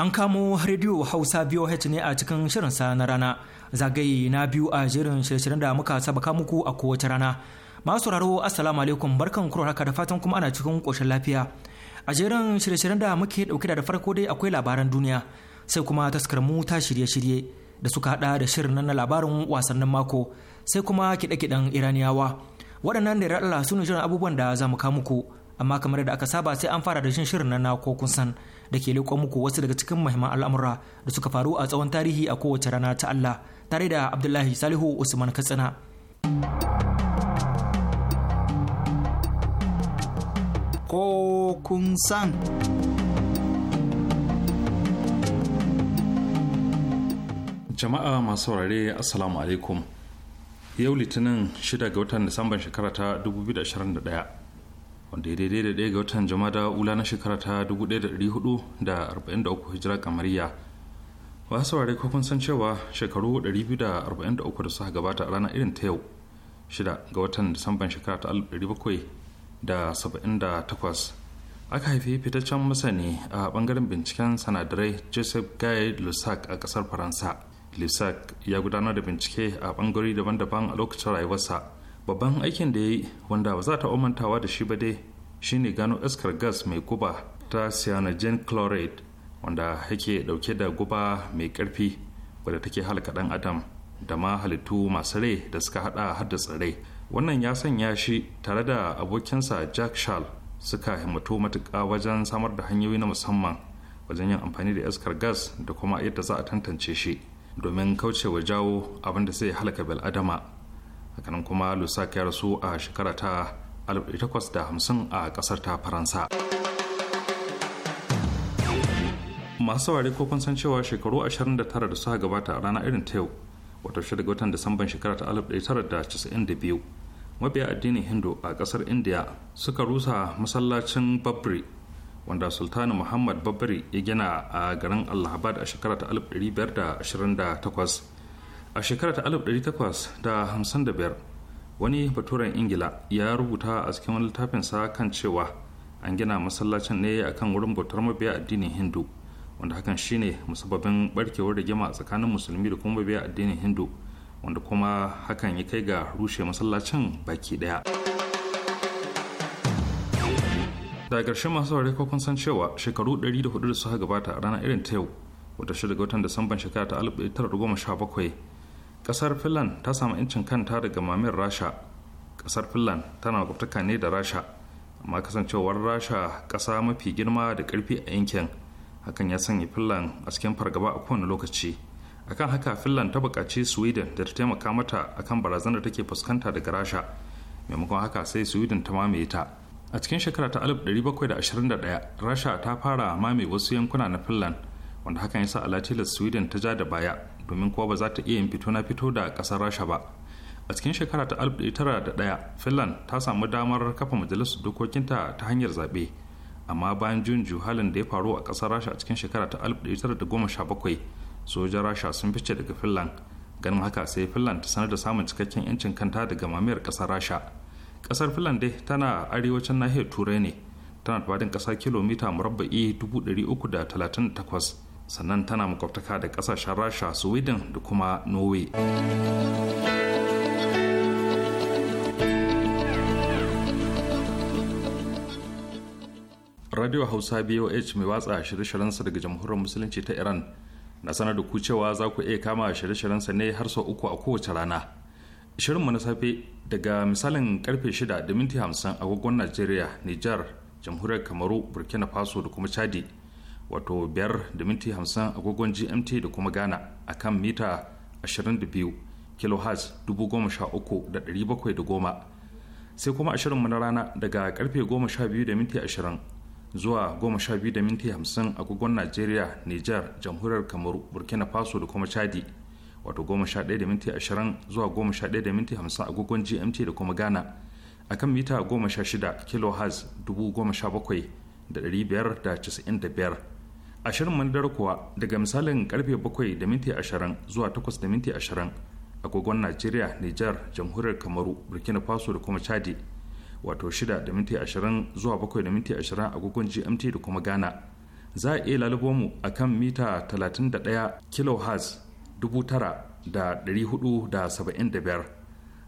An kamo rediyo Hausa VOH ne a cikin shirinsa na rana zagaye na biyu a jerin shirin da muka sabaka muku a kowace rana. Masu sauraro Assalamu alaikum barkan kuro haka da fatan kuma ana cikin koshin lafiya. A jerin shirye da muke ɗauke da farko dai akwai labaran duniya sai kuma taskar mu ta shirye-shirye da suka hada da shirin nan na labarin wasannin mako sai kuma kiɗe-kiɗen Iraniyawa. Waɗannan da Allah su ne shirin abubuwan da za mu kamuku. muku. amma kamar da aka saba sai an fara da shin shirin na ko kun san da ke leƙo muku wasu daga cikin muhimman al'amura da suka faru a tsawon tarihi a kowace rana ta Allah tare da Abdullahi Salihu Usman Katsina. Ko kun san. Jama'a masu saurare Assalamu alaikum. Yau Litinin 6 ga watan Disamban shekara ta 2021 wanda ya daidai da ɗaya ga watan jama'a ula na shekara ta 1443 hijira kamariya ba saurare ko kun san cewa shekaru 243 da suka gabata a ranar irin ta yau shida ga watan disamban shekara ta 1778 aka haifi fitaccen masani a bangaren binciken sanadarai joseph guy lusac a kasar faransa lusac ya gudanar da bincike a bangarori daban-daban a lokacin rayuwarsa babban aikin da ya yi wanda ba za ta umantawa da shi ba dai shine gano iskar gas mai guba ta cyanogen chloride wanda yake dauke da guba mai karfi wadda take halaka dan adam da ma halittu masu rai da suka hada hada tsare. wannan ya sanya shi tare da abokinsa jack shal suka himmatu matuka wajen samar da hanyoyi na musamman wajen yin amfani da iskar gas da kuma yadda za a tantance shi domin kaucewa jawo abin da zai halaka bil'adama hakanan kuma lusak ya rasu a shekara ta 1850 a kasar ta faransa masu saurari ko kun san cewa shekaru 29 da suka gabata a rana irin ta yau wato shida ga watan disamban shekara ta 1992 mabiya addinin hindu a kasar india suka rusa masallacin babri wanda sultani muhammad babri ya gina a garin allahabad a shekara ta 1528 a shekarar ta 1855 wani baturen ingila ya rubuta a cikin wani littafinsa kan cewa an gina masallacin ne a kan wurin bautar mabiya addinin hindu wanda hakan shine musababin barkewar rigima tsakanin musulmi da kuma mabiya addinin hindu wanda kuma hakan ya kai ga rushe masallacin baki daya daga ƙarshe masu saurari kun san cewa shekaru 104 da suka gabata a ranar irin ta yau wata shida ga watan disamban shekara ta 1917 kasar finland ta samu 'yancin kanta daga mamin rasha kasar finland tana gwabtaka ne da rasha amma kasancewar rasha kasa mafi girma da karfi a yankin hakan ya sanya finland a cikin fargaba a kowane lokaci akan haka finland ta buƙaci sweden da ta taimaka mata akan barazanar da take fuskanta daga rasha maimakon haka sai sweden ta mamaye ta a cikin shekara ta 1721 rasha ta fara mamaye wasu yankuna na finland wanda hakan ya sa alatilas sweden ta ja da baya domin kuwa ba za ta iya yin fito na fito da ƙasar rasha ba a cikin shekara ta 1901 finland ta samu damar kafa majalisar dokokinta ta hanyar zaɓe amma bayan jun juhalin da ya faru a ƙasar rasha a cikin shekara ta bakwai sojan rasha sun fice daga finland ganin haka sai finland ta sanar da samun cikakken 'yancin kanta daga mamayar ƙasar rasha ƙasar finland dai tana arewacin nahiyar turai ne tana da faɗin ƙasa kilomita murabba'i 338 sannan tana makwabtaka da kasashen rasha sweden da kuma norway radio hausa boh mai watsa shirye-shiryensa daga jamhuriyar musulunci ta iran na sanar da ku cewa za ku iya kama shirye-shiryensa ne har sau uku a kowace rana shirinmu na safe daga misalin karfe 6 da minti 50 agogon najeriya nijar jamhuriyar kamaru burkina faso da kuma chadi wato 5.50 da agogon gmt da kuma ghana a kan mita 22 kilohertz 13710 sai kuma ashirinmu na rana daga karfe 12.20 zuwa 12.50 da agogon nigeria niger jamhuriyar kamaru burkina faso da kuma chadi wato 11.20 zuwa 11.50 da agogon gmt da kuma ghana a kan mita 16 kilohertz 17595 ashirin mandar kuwa daga misalin karfe 7 da minti 20 zuwa 8 da minti 20 agogon najeriya niger jamhuriyar kamaru burkina faso da kuma chadi wato 6 da minti 20 zuwa 7 da minti 20 agogon gmt da kuma ghana za a iya lalubo mu a kan mita 31 kilohertz 9475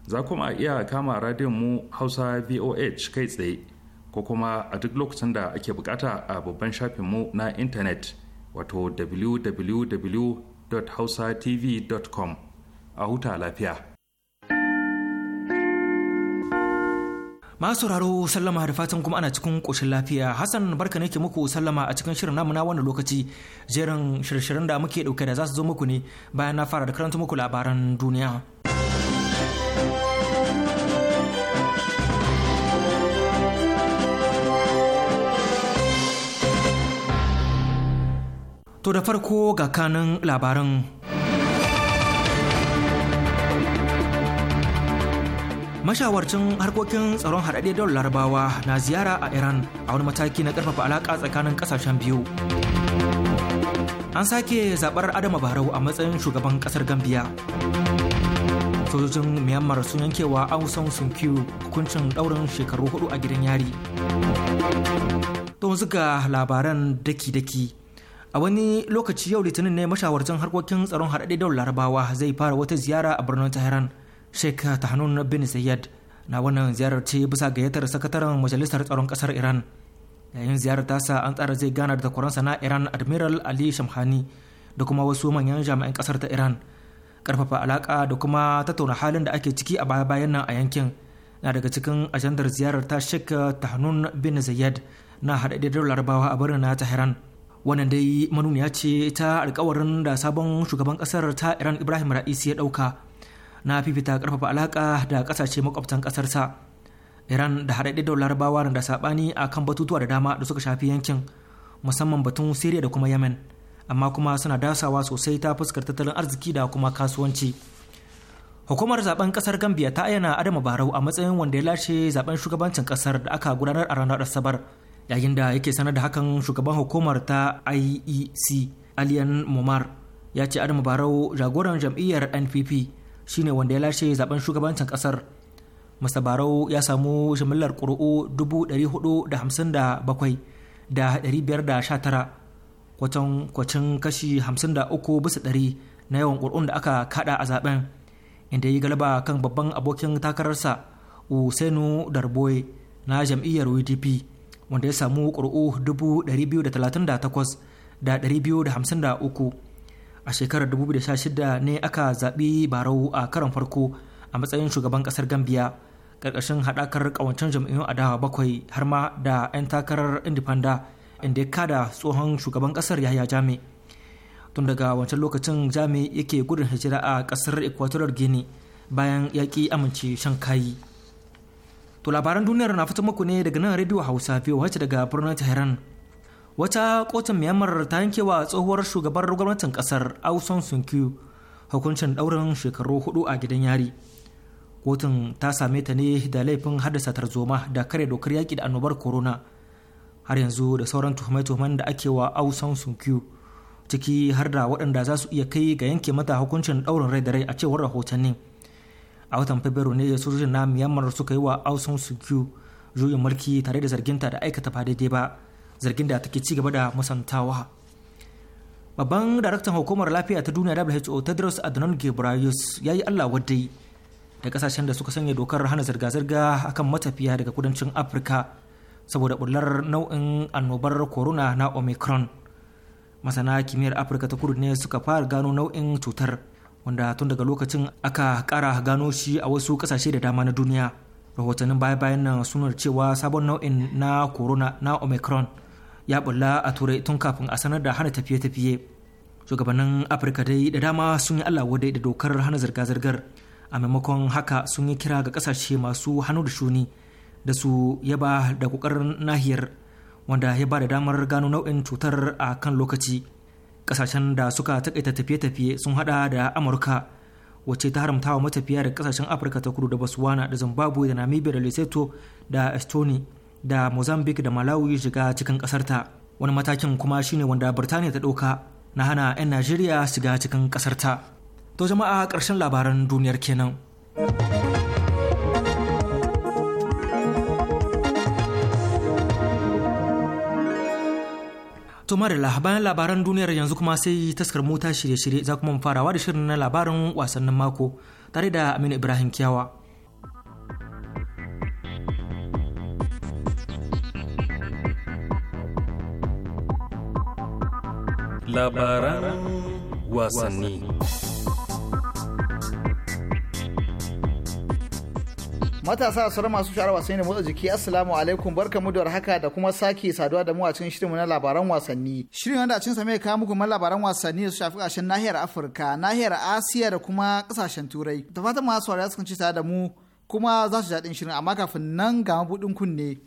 za kuma a iya kama radiyon mu hausa voh kai tsaye ko kuma a duk lokacin da ake bukata a babban mu na intanet wato www.hausatv.com a huta lafiya. Masu sauraro sallama da fatan kuma ana cikin ƙoshin lafiya. Hassan barka ne ke muku sallama a cikin shirin namuna wannan lokaci. Jerin shirye-shiryen da muke dauke da za su zo muku ne bayan na fara da karanta muku labaran duniya. da farko ga kanin labaran. Mashawarcin harkokin tsaron haɗaɗe don larabawa na ziyara a Iran a wani mataki na ƙarfafa alaƙa tsakanin ƙasashen biyu. An sake zaɓar Adama Barau a matsayin shugaban ƙasar Gambiya. Sojojin Myanmar sun yankewa Aung San Suu Kyi hukuncin ɗaurin shekaru hudu a gidan yari. Don zuga labaran daki-daki a wani lokaci yau litinin ne mashawarcin harkokin tsaron haɗaɗɗe daular larabawa zai fara wata ziyara a birnin tehran sheikh tahanun bin sayyad na wannan ziyarar ce bisa gayyatar sakataren majalisar tsaron ƙasar iran yayin ziyarar tasa an tsara zai gana da takwaransa na iran admiral ali shamhani da kuma wasu manyan jami'an kasar ta iran karfafa alaka da kuma tattauna halin da ake ciki a baya bayan nan a yankin na daga cikin ajandar ziyarar ta sheikh tahanun bin zayyad na haɗaɗɗe larabawa a birnin na tehran wannan dai manuniya ce ta alkawarin da sabon shugaban kasar ta iran ibrahim ra'isi ya dauka na fifita karfafa alaka da kasashe makwabtan sa iran da haɗaɗɗe da larabawa da saɓani a kan batutuwa da dama da suka shafi yankin musamman batun siriya da kuma yemen amma kuma suna dasawa sosai ta fuskar tattalin arziki da kuma kasuwanci hukumar zaben kasar gambia ta ayyana adama barau a matsayin wanda ya lashe zaben shugabancin kasar da aka gudanar a ranar asabar yayin da yake sanar da hakan shugaban hukumar ta iec aliyan momar ya ce adamu barau jagoran jam'iyyar npp shine wanda ya lashe zaben shugabancin kasar masa barau ya samu jimillar ƙuri'u 457 da 519 kwacin kashi 53 bisa ɗari na yawan ƙuri'un da aka kaɗa a zaben inda ya yi galaba kan babban abokin takararsa usainu darboe na jam'iyyar wdp wanda ya samu ƙuri'u 253 a shekarar 2016 ne aka zaɓi barau a karon farko a matsayin shugaban ƙasar gambia ƙarƙashin haɗakar ƙawancen jam'iyyun adawa bakwai har ma da 'yan takarar indipanda inda ya kada tsohon shugaban ƙasar yahya jami tun daga wancan lokacin jami yake gudun hijira a ƙasar equatorial guinea bayan yaƙi amince shan kayi To labaran duniyar na fito muku ne daga nan Radio Hausa biyu wacce daga birnin Tehran. Wata kotun Myanmar ta yankewa tsohuwar shugabar gwamnatin kasar Aung San hukuncin ɗaurin shekaru hudu a gidan yari. Kotun ta same ta ne da laifin haddasa tarzoma da kare dokar yaki da annobar corona. Har yanzu da sauran tuhume-tuhumen da ake wa Aung San ciki har da waɗanda za su iya kai ga yanke mata hukuncin ɗaurin rai da rai a cewar rahotannin. a watan fabrairu ne sojojin na myanmar suka yi wa ausan sukyu juyin mulki tare da zarginta da aikata ba daidai ba zargin da take ci gaba da musantawa babban daraktan hukumar lafiya ta duniya who tedros adhanom ghebreyesus ya yi allah wadai da kasashen da suka sanya dokar hana zirga-zirga akan matafiya daga kudancin afirka saboda bullar nau'in annobar corona na omicron masana kimiyyar afirka ta kudu ne suka fara gano nau'in cutar wanda tun daga lokacin aka kara gano shi a wasu kasashe da dama na duniya rahotannin baya-bayan nan sunar cewa sabon nau'in na corona na omicron ya bulla a turai tun kafin a sanar da hana tafiye-tafiye shugabannin afirka dai da dama sun yi allah wadai da dokar hana zirga-zirgar a maimakon haka sun yi kira ga kasashe masu hannu da shuni da su ya ba da kokarin nahiyar wanda ya ba da damar gano nau'in cutar a kan lokaci kasashen da suka takaita tafiye-tafiye sun hada da amurka wacce ta haramta wa matafiya da kasashen afirka ta kudu da botswana da zimbabwe da namibia da lesotho da estonia da mozambique da malawi shiga cikin kasarta wani matakin kuma shine wanda birtaniya ta ɗauka na hana 'yan najeriya shiga cikin kasarta to jama'a karshen labaran duniyar kenan. To la bayan labaran duniyar yanzu kuma sai taskar mota shirye-shirye za kuma farawa da shirin na labarin wasannin mako tare da Aminu Ibrahim kyawa. Labaran wasanni. matasa sauran masu shara wasanni da motsa jiki assalamu alaikum barkamu da haka da kuma sake saduwa da mu a cikin shirinmu na labaran wasanni shirin wanda a cikin sa mai kawo muku labaran wasanni da su shafi kashin nahiyar afirka nahiyar asiya da kuma ƙasashen turai da fatan masu wari su ci tare da mu kuma za su jaɗin shirin amma kafin nan ga mabuɗin kunne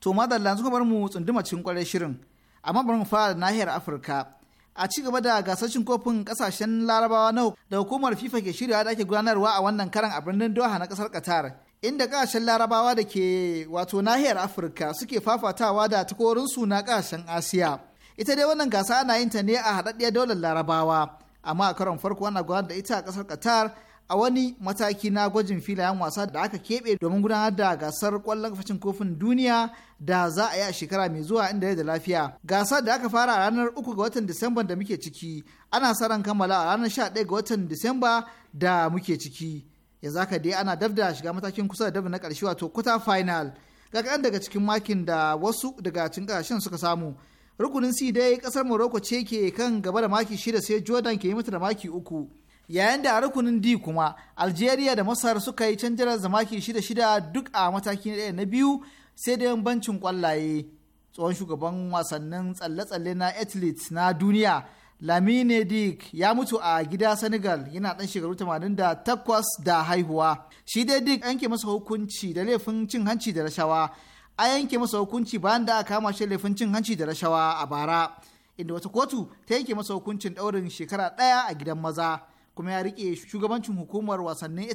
to madalla suka bar mu tsunduma cikin kwarai shirin a mabarin mu fara nahiyar afirka a ci gaba da gasashin kofin kasashen larabawa na da hukumar fifa ke shirya da ake gudanarwa a wannan karan a birnin doha na kasar qatar inda kasashen larabawa da ke wato nahiyar afirka suke fafatawa da su na kasashen asiya ita dai wannan gasa ana yin ta ne a haɗaɗɗiyar daular larabawa amma a karon farko ana gudanar da ita a kasar qatar a wani mataki na gwajin filayen wasa da aka keɓe domin gudanar da gasar kwallon kafacin kofin duniya da za a yi a shekara mai zuwa inda da lafiya. Gasar da aka fara a ranar 3 ga watan Disamba da muke ciki ana sa ran kammala a ranar 11 ga watan Disamba da muke ciki. Ya zaka dai ana dab da shiga matakin kusa da dab na ƙarshe wato kuta final. Ga kaɗan daga cikin makin da wasu daga cikin ƙasashen suka samu. Rukunin C dai ƙasar Morocco ce ke kan gaba da maki shida sai Jordan ke yi mata da maki uku. yayin da a rukunin d kuma algeria da masar suka yi zama zamaki shida shida duk a mataki na daya na biyu sai da yambancin kwallaye tsohon shugaban wasannin tsalle-tsalle na athletes na duniya lamine dik ya mutu a gida senegal yana ɗan shekaru 88 da haihuwa shi dai dik yanke masa hukunci da laifin cin hanci da rashawa a yanke masa hukunci bayan da aka kama shi laifin cin hanci da rashawa a bara inda wata kotu ta yanke masa hukuncin daurin shekara daya a gidan maza kuma ya rike shugabancin hukumar wasannin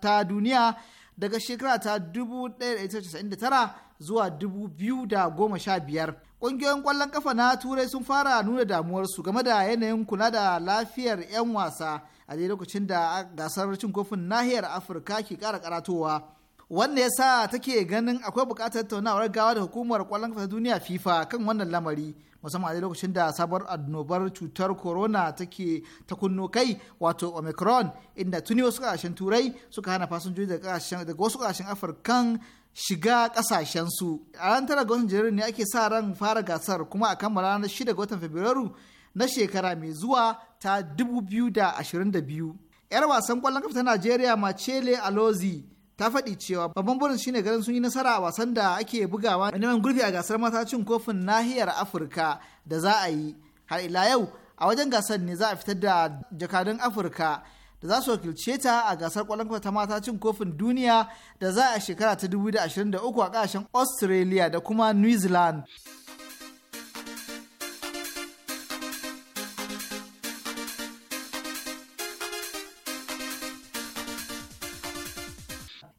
ta duniya daga shekara ta 1999 zuwa 2015 ƙungiyoyin ƙwallon kafa na turai sun fara nuna damuwarsu game da yanayin kula da lafiyar 'yan wasa a daidai lokacin da gasar cin kofin nahiyar afirka ke ƙara karatowa wanda ya sa take ganin akwai buƙatar tattaunawar gawa da hukumar ƙwallon kafa ta duniya fifa kan wannan lamari musamman a lokacin da sabon annobar cutar corona take ta kunno kai wato omicron inda tuni wasu kasashen turai suka hana fasinjoji daga wasu kasashen afirkan shiga kasashen su a ran tara ga ne ake sa ran fara gasar kuma a kammala ranar shida ga watan fabrairu na shekara mai zuwa ta da 2022 'yar wasan kwallon kafa ta najeriya macele alozi ta faɗi cewa babban burin shine garin sun yi nasara a wasan da ake bugawa neman gurbi a gasar mata kofin nahiyar afirka da za a yi har ila yau a wajen gasar ne za a fitar da jakadun afirka da za su wakilce ta a gasar kwallon ta mata kofin duniya da za a shekara ta 2023 a ƙasashen australia da kuma new zealand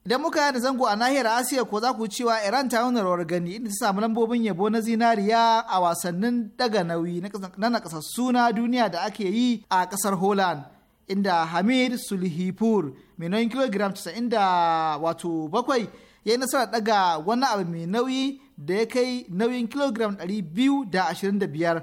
Idan muka da zango a nahiyar Asiya ko za ku cewa Iran ta nuna rawar gani inda ta samu lambobin yabo na zinariya a wasannin daga nauyi na nakasassu suna duniya da ake yi a kasar holand Inda Hamid Sulhipur mai nauyin kilogiram 90 wato bakwai ya yi nasarar daga wani abu mai nauyi da ya kai nauyin kilogiram da 225.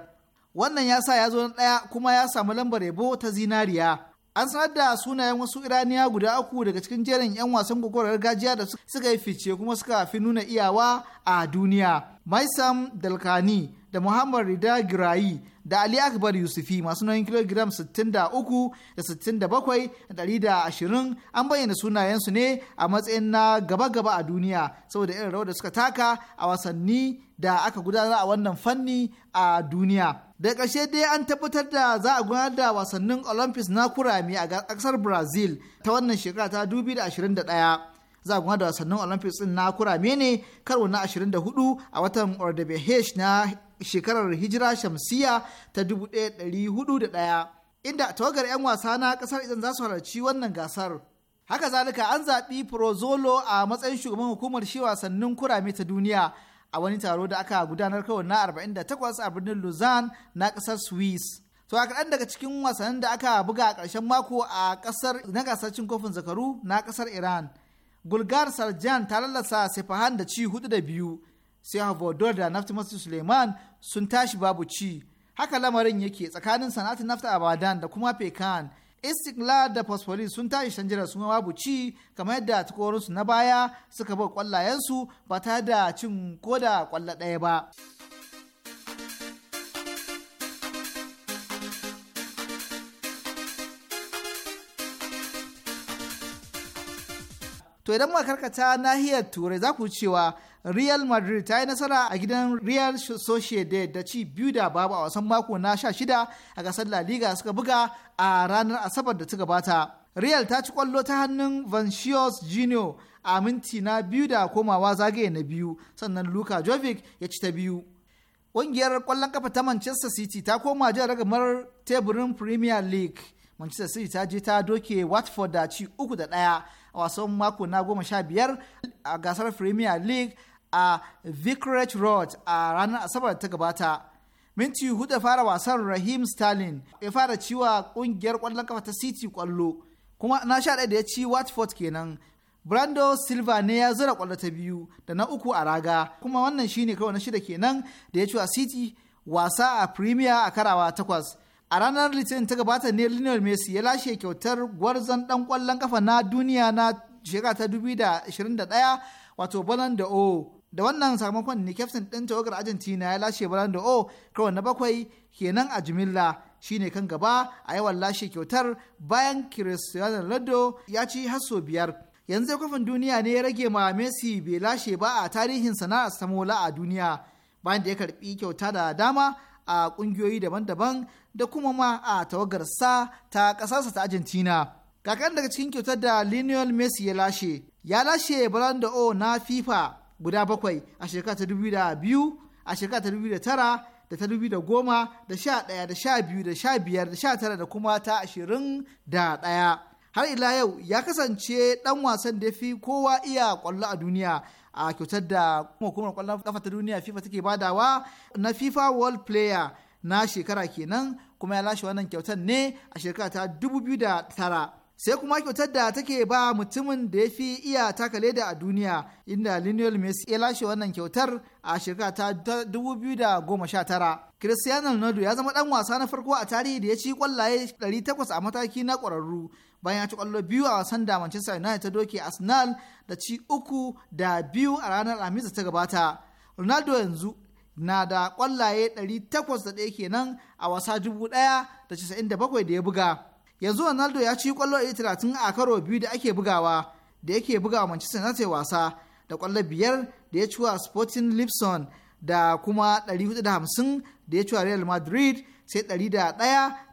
Wannan ya sa ya zo na ɗaya kuma ya samu lambar yabo ta zinariya. an sanar da sunayen wasu iraniya guda uku daga cikin jerin 'yan wasan gwagwarar gargajiya da suka yi fice kuma suka fi nuna iyawa a duniya maisam dalkani da Muhammad Rida Girayi da Ali Akbar Yusufi masu nauyin kilogiram 63 da 67 da 120 an bayyana sunayensu ne a matsayin na gaba-gaba a duniya saboda irin rawar da suka taka a wasanni da aka gudanar a wannan fanni a duniya. Da ƙarshe dai an tabbatar da za a gudanar da wasannin Olympics na kurami a ƙasar Brazil ta wannan shekara ta 2021. za a da wasannin olympics na kurame ne karo na hudu a watan ordebehesh na shekarar hijira shamsiya ta 1401 inda tawagar 'yan wasa na kasar idan za su halarci wannan gasar haka zalika an zaɓi prozolo a matsayin shugaban hukumar shi wasannin kurame ta duniya a wani taro da aka gudanar kawai na 48 a birnin luzan na kasar swiss to a kaɗan daga cikin wasannin da aka buga a ƙarshen mako a ƙasar na gasar cin kofin zakaru na ƙasar iran gulgar sarjan ta lallasa sefahan da ci hudu da biyu sai Havodur da masu Suleiman sun tashi babu ci. Haka lamarin yake tsakanin sana'atin nafta Abadan da kuma Pekan. Istikla da Fosfolis sun tashi shanjirar sun babu ci kamar yadda tukorinsu na baya suka bar kwallayensu ba tare da cin koda kwalla ɗaya ba. to idan muka karkata nahiyar turai za ku cewa Real Madrid ta yi nasara a gidan Real Sociedad da ci biyu da babu a wasan mako na shida a gasar La Liga suka buga a ranar Asabar da ta gabata. Real ta ci kwallo ta hannun Vancius Junior a minti na biyu da komawa zagaye na biyu sannan Luka Jovic ya ci ta biyu. Ƙungiyar kwallon kafa ta Manchester City ta koma jan ragamar teburin Premier League. Manchester City ta je ta doke Watford da ci uku da ɗaya a wasan mako na goma sha biyar a gasar Premier League a Vicarage Road a ranar Asabar ta gabata. Minti hudu fara wasan Rahim Sterling ya fara ciwa kungiyar kwallon kafa ta City kwallo kuma na sha ɗaya da ya ci Watford kenan. Brando Silva ne ya zura kwallo ta biyu da na uku a raga kuma wannan shine kawai na shida kenan da ya ci wa City wasa a Premier a karawa takwas. A ranar Litinin ta gabata ne Lionel Messi ya lashe kyautar gwarzon dan kwallon kafa na duniya na shekara ta 2021 wato da d'Or da wannan sakamakon ne kyaftin ɗin tawagar argentina ya lashe da o kawai na bakwai kenan a jimilla shine kan gaba a yawan lashe kyautar bayan cristiano ronaldo ya ci hasso biyar yanzu kofin duniya ne ya rage ma messi bai lashe ba a tarihin sana'ar samola a duniya bayan da ya karbi kyauta da dama a kungiyoyi daban-daban da kuma ma a tawagarsa ta ƙasarsa ta argentina kakan daga cikin kyautar da lionel messi ya lashe ya lashe da o na fifa guda bakwai a shekara ta dubu da biyu a shekara ta dubu da tara da ta dubu da goma da sha ɗaya da sha biyu da sha biyar da sha tara da kuma ta ashirin da ɗaya. Har ila yau ya kasance ɗan wasan da fi kowa iya ƙwallo a duniya a kyautar da hukumar ƙwallon kafa ta duniya FIFA take badawa na FIFA World Player na shekara kenan kuma ya lashe wannan kyautar ne a shekara ta biyu da tara. sai kuma kyautar da take ba mutumin da ya fi iya takale da a duniya inda Lionel Messi ya lashe wannan kyautar a shekara ta 2019. Cristiano Ronaldo ya zama dan wasa na farko a tarihi da ya ci kwallaye 800 a mataki na ƙwararru bayan ya ci kwallo biyu a wasan da Manchester United ta doke Arsenal da ci uku da biyu a ranar Alhamis ta gabata. Ronaldo yanzu na da kwallaye da ɗaya kenan a wasa 1097 da ya buga. yanzu ronaldo ya ci kwallo 30 a karo biyu da ake bugawa da yake bugawa manchester united wasa da kwallo biyar da ya ciwa sporting Lisbon da kuma 450 da ya ciwa real madrid sai 101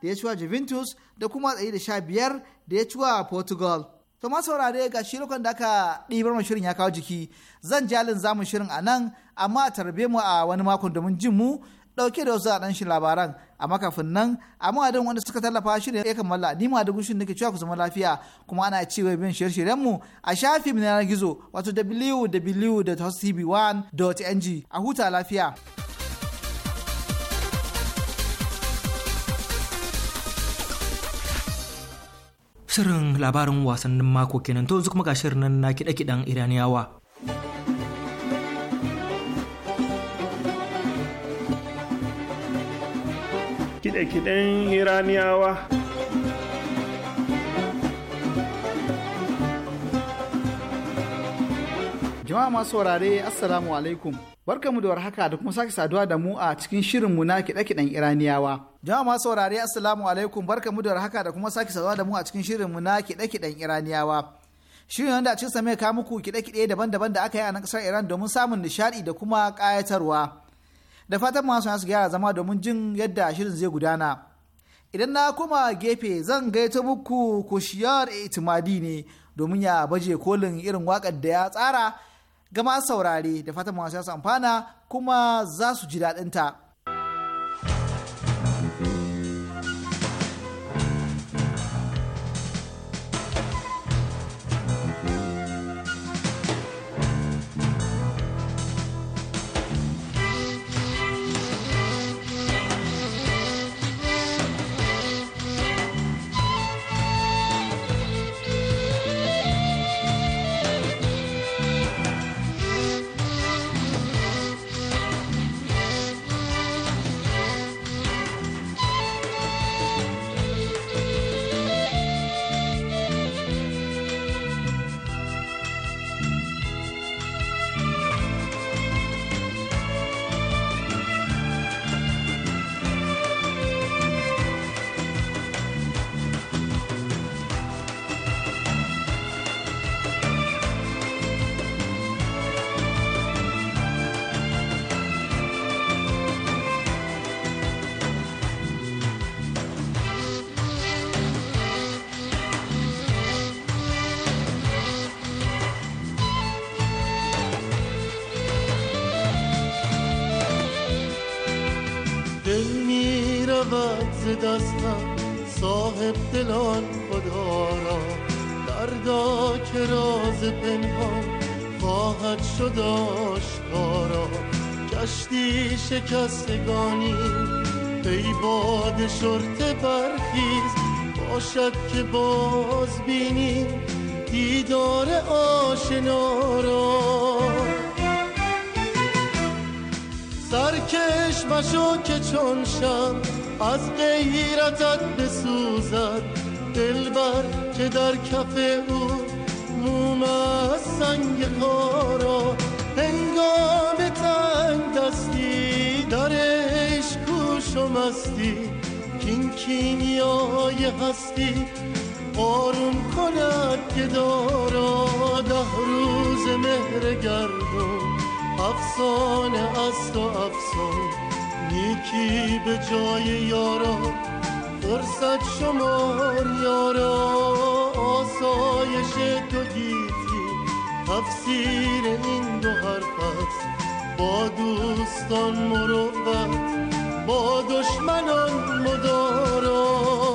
da ya ciwa juventus da kuma 115 da ya ciwa portugal to saurare ga shi lokacin da aka ɗibar mu shirin ya kawo jiki zan jalin zamu shirin a nan amma tarbe mu a wani makon domin jin mu ɗauke da wasu a shi labaran a kafin nan a madadin wanda suka tallafa shi ne ya kammala ni ma da gushin nake cewa ku zama lafiya kuma ana cewa bin shirye mu a shafi na yanar gizo wato wwwhcb 1ng a huta lafiya. Shirin labarin wasannin mako kenan to yanzu kuma ga shirin nan na kiɗa kiɗan Iraniyawa. kide-kiden iraniyawa jama'a masu wurare assalamu alaikum barkamu da warhaka da kuma sake saduwa da mu a cikin shirinmu na kiɗe-kiɗen iraniyawa jama'a masu wurare assalamu alaikum barkamu da warhaka da kuma sake saduwa da mu a cikin shirinmu na kiɗe-kiɗen iraniyawa shirin wanda a cikin same ka muku kiɗe-kiɗe daban-daban da aka yi a nan kasar iran domin samun nishaɗi da kuma ƙayatarwa da fatan masu su gyara zama domin jin yadda shirin zai gudana idan na koma gefe zan gaita muku shiyar itimadi ne domin ya baje kolin irin wakar da ya tsara gama saurare da fatan masu su amfana kuma za su ji daɗinta. ta دستم صاحب دلان خدا را دردا که راز پنهان خواهد شد آشکارا کشتی شکستگانی ای باد شرط برخیز باشد که باز بینی دیدار آشنا را سرکش مشو که چون شم از غیرتت بسوزد دلبر که در کف او موم از سنگ خارا هنگام تنگ دستی در عشق و مستی کین یه هستی آروم کند که دارا ده روز مهر گردم افسانه از تو افسانه کی به جای یارا فرصت شمار یارا آسایش تو گیتی تفسیر این دو حرف با دوستان مروت با دشمنان مدارا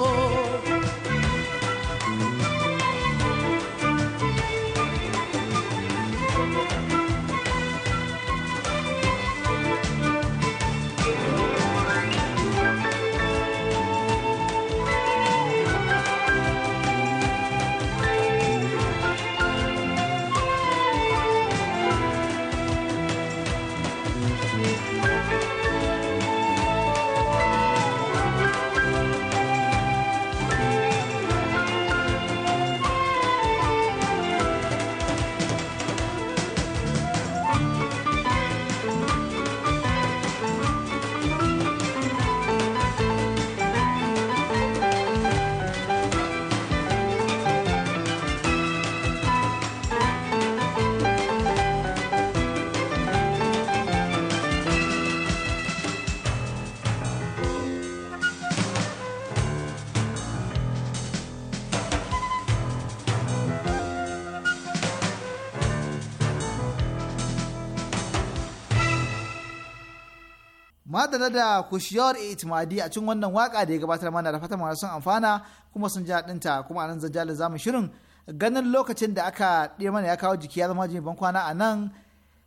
madana da kushiyar itimadi a cikin wannan waka da ya gabatar mana da fatan masu amfana kuma sun ji ta kuma anan zan jale zamu shirin ganin lokacin da aka ɗaya mana ya kawo jiki ya zama jini ban kwana a nan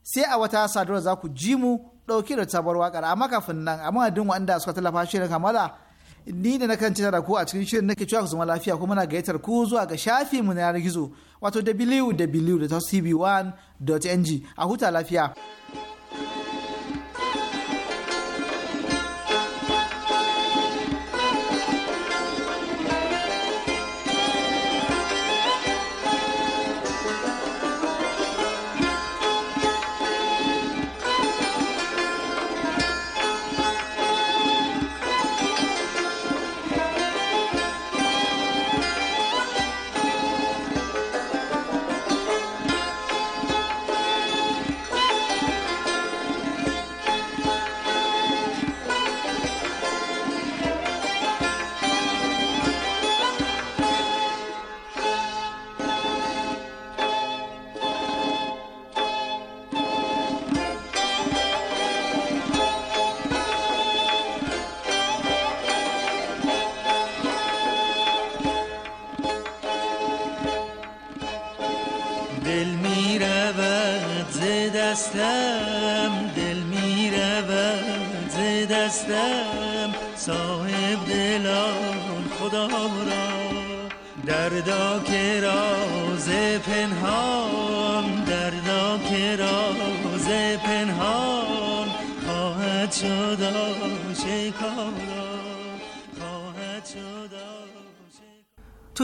sai a wata sadarwa za ku ji mu ɗauki da sabuwar wakar amma kafin nan amma adin wanda suka tallafa shirin kamala ni da nakan cita da ku a cikin shirin nake cewa ku zama lafiya kuma na gayyatar ku zuwa ga shafi mu na gizo wato www.tv1.ng a huta lafiya.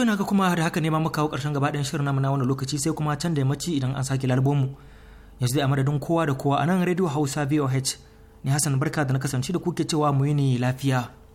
ina ga kuma da haka ne ma muka kawo karshen gaba ɗayan shirin namu na wani lokaci sai kuma can da yammaci idan an sake mu yanzu dai a madadin kowa da kowa a nan rediyo hausa voh ne hassan barka da na kasance da kuke cewa mu yi ne lafiya